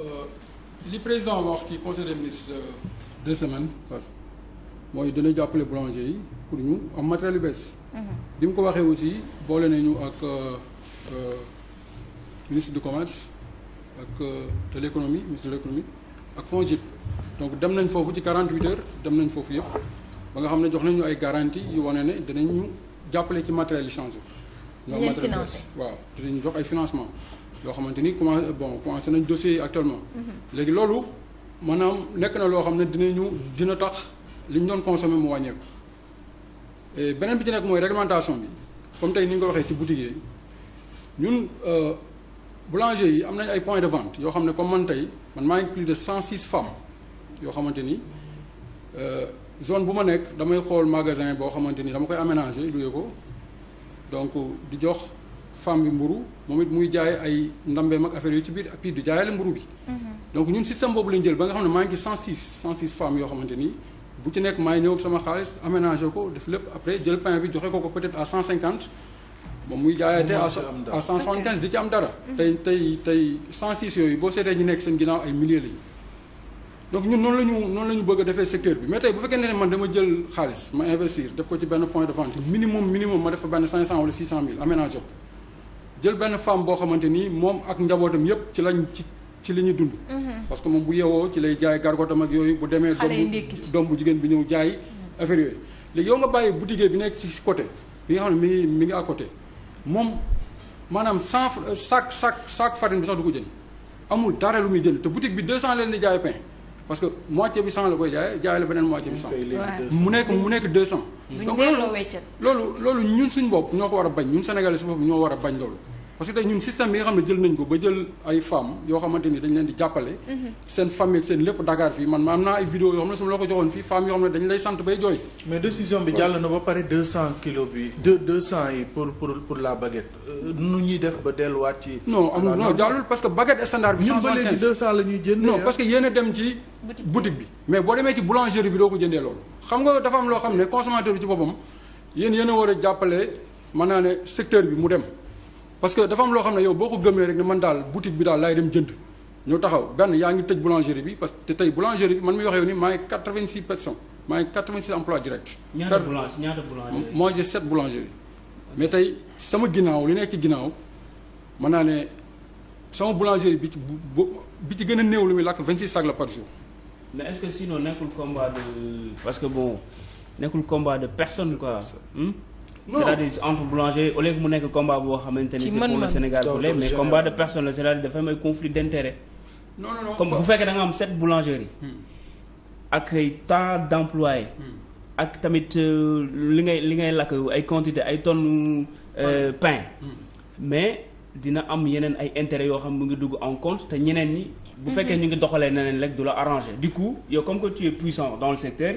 Euh, li président wax ci conseil des ministres euh, de semaine parce que mooy dana jàppale boulanger yi pour ñu am matériel yu bees. Mhm. bi mu ko waxee aussi boole nañu ak euh, ministre du commerce ak de l' économie ministre de l' économie ak FONGIP donc dem nañ foofu ci 48 heures dem nañ foofu yëpp ba nga xam ne jox nañu ay garanti yu wane ne danañ ñu jàppale ci matériel yi changé. ñu matériel bees waaw dinañu jox ay financement yoo xamante ni commencé bon commencé nañ dossiers yi actuellement. Mhm. léegi loolu maanaam nekk na loo xam ne dinañu dina tax li ñu doon consommer mu wàññeeku. beneen bi ci nekk mooy réglementation bi comme tey ni ñu ko waxee ci boutique ñun euh, boulanger yi am nañ ay point de vente yoo xam ne comme man tey man maa ngi plus de 106 femmes yoo xamante ni euh, zone bu ma nekk damay xool magasin boo xamante ni dama koy aménager luye ko donc di jox. femme bi mburu moom it muy jaay ay ndambeem ak affaire yooyu ci biir ak puis du jaayale mburu bi. Mhm. donc ñun système boobu lañ jël ba nga xam ne maa ngi 106 106 femmes yoo xamante ni bu ci nekk maa ngi ñëw ak sama xaalis aménagé ko def lépp ko ko à 150. moom muy jaayaatee à à 175 di am dara. Mhm. tey tey tey 106 yooyu boo seetee ñu nekk seen ginnaaw ay milliers lañu. donc ñun noonu la bëgg a defee secteur bi mais tey bu fekkee ne man dama jël xaalis ma investir def ko ci benn point de vente minimum minimum ma def fa benn 500 wala 600 mille aménagé ko. jël benn femme boo xamante ni moom ak njabootam yépp ci lañ ci ci li ñuy dund. Mm-hmm. parce que moom bu yeewoo ci lay jaay gargotam ak yooyu bu demee. doom bu jigéen bi ñëw jaay affaire yooyu. léegi yow nga bàyyi boutique bi nekk ci côté bi nga xam ne mi ngi mi ngi à côté moom maanaam cent sac sac sac farine bi sax du ko jënd amul dara lu muy jënd te boutique bi deux cent leen di jaay pain parce que moitié bi cent la koy jaay jaay la beneen moitié bi cent mu nekk mu nekk deux cent donc loolu loolu suñu bopp ñoo ko war a bañ ñun sénégalais su bopp war a bañ loolu parce que tey ñun système bi nga xam ne jël nañ ko ba jël ay femmes yoo xamante ni dañ leen di jàppale. Mhm. seen famille seen lépp Dakar fii man ma am naa ay vidéo yoo xam ne su ma la ko joxoon fii femmes yoo xam ne dañ lay yi pour pour la baguette. Euh, nu ñuy def ba delluwaat ci. no amul non jàllul parce que baguette standard bi. cent soixante quinze ñun ba léegi deux cent la ñuy jëndee. non parce que yéen a dem ci. boutique bi mais boo demee ci boulangerie bi doo ko jëndee loolu. xam nga dafa am loo xam ne consommateur bi ci boppam yéen a war a jàppale mën naa ne secteur bi mu dem parce que dafa am loo xam ne yow boo ko gëmee rek ne man daal boutique bi daal laay dem jënd ñoo taxaw benn yaa ngi tëj boulangerie bi parce que te tey boulangerie bi man mi wax yow ni maa ngi 86 personnes maa ngi 86 emplois directs. ñaata boulangerie ñaata boulangerie. moi j'ai 7 mais tey sama ginnaaw li nekk ginnaaw man naa ne sama boulangerie bi ci bi ci gën a néew lu muy làkk 26 sacs la par jour. mais est-ce que sinon nekkul combat de parce que bon nekkul combat de personne hmm? c'est-à-dire entre boulanger au mu nekk combat boo xamante ni man pour le Sénégal poulet mais combat de personne la c'est-à-dire dafa am ay conflit d'intérêt comme bu fekkee da am sept boulangeries yi hmm. ak tant d'employés hmm. ak tamit euh, li ngay li ngay lakk ay quantité ay tonnes euh, pain hmm. mais dina am yeneen ay intérêts yoo xam mu ngi dugg en compte te ñeneen ñi bu fekkee ñu ngi doxalee neneen rek du la arranger di coup yow comme que tu puissant dans le secteur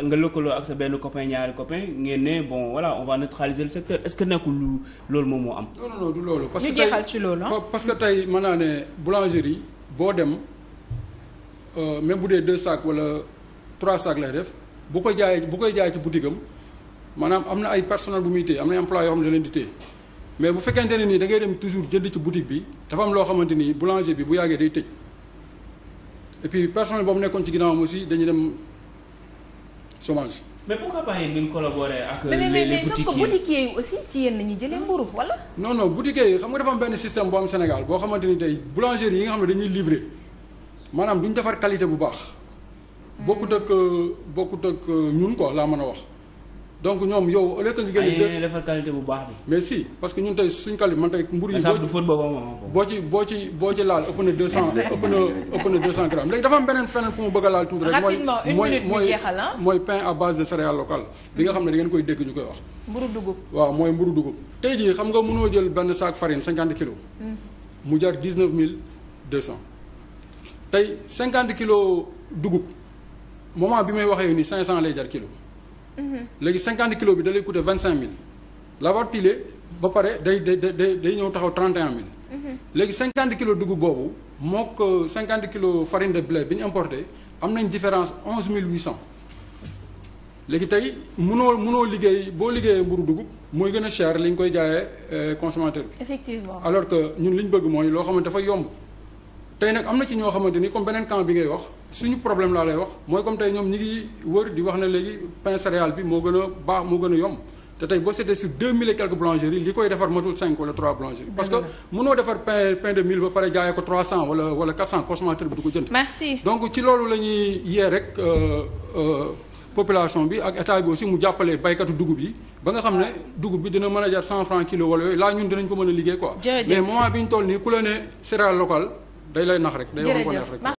nga lëkkaloo ak sa benn copain ñaari copain ngeen ne bon voilà on va neutraliser le secteur est-ce que nekkul loolu moom moo am. non non non du loolu. parce que ñu jeexal ci loolu parce que tey mën naa ne boulangerie boo dem euh, même bu dee deux sacs wala trois sacs lay def bu ko jaay bu koy jaay ci boutique am maanaam am na ay personnel bu muy téye am na emploi yoo xam ne da di téye mais bu fekkente ne nii da ngay dem toujours jënd ci boutique bi dafa am loo xamante ni boulanger bi bu yàggee day tëj et boobu nekkoon ci ginnaawam aussi dañuy dem. chômage. mais pourquoi pas yéen ngeen collaborer ak. les les les boutiquiers mais mais yi aussi ci yéen nañu jëlee hmm. mburu wala. non non boutiquiers yi xam nga dafa benn système boo am Sénégal boo xamante ni tey boulangerie yi nga xam ne dañuy livrer maanaam duñ defar qualité bu baax. Hmm. bokkut ak bokkut ak ñun ko laa mën a wax. donc ñoom yow au lieu que ñu génne defar qualité bu baax bi. mais si parce que ñun tey suñu qualité man tey mburu yi boo ci boo ci boo ci laal ëpp na 200 ëpp na ëpp dafa am beneen feneen fu mu bëgg a laal tuuti rek. mooy mooy mooy mooy pain à nga xam ne da koy dégg ñu koy wax. mburu dugub mooy mburu dugub. tey xam nga mënoo jël benn saak farine 50 kilos. Hmm. mu jar 19 200 tey 50 kilos dugub moment bi may waxee nii cent lay jar kilo. Mm-hmm. léegi cinquante kilos bi dalay lay coûter vingt cinq mille l'avoir pilé ba pare day day day ñëw taxaw trente et mille. Mm-hmm. léegi cinquante kilos dugub boobu mook euh, cinquante kilos farine de blé bi ñu importé am nañ différence onze mille huit cent. léegi tey mënoo munoo liggéey boo liggéeyee mburu dugub mooy gën a cher lañ ñu koy jaayee euh, consommateur bi. effectivement alors que ñun li ñu bëgg mooy loo xamante dafa yomb. tey nag am na ci ñoo xamante ni comme beneen camp bi ngay wax suñu problème laa lay wax mooy comme tey ñoom ñi ngi wër di wax ne léegi pain céréale bi moo gën a baax moo gën a yomb te tey boo seetee sur deux mille et quelques boulangeries li koy defar matul cinq wala trois boulangeries. parce que noo defar pain pain de mille ba pare jaayee ko trois cent wala wala quatre cent consommateur bi du ko jënd. donc ci loolu la yee rek. Euh, euh, population bi ak état bi mu jàppale baykatu dugub yi ba nga xam ne ah. dugub bi dina mën a jar cent kilo wala yooyu laa ñun dinañ mën a liggéey quoi. mais bi ñu toll nii ku la ne céréale day lay nax rek. day wax rek.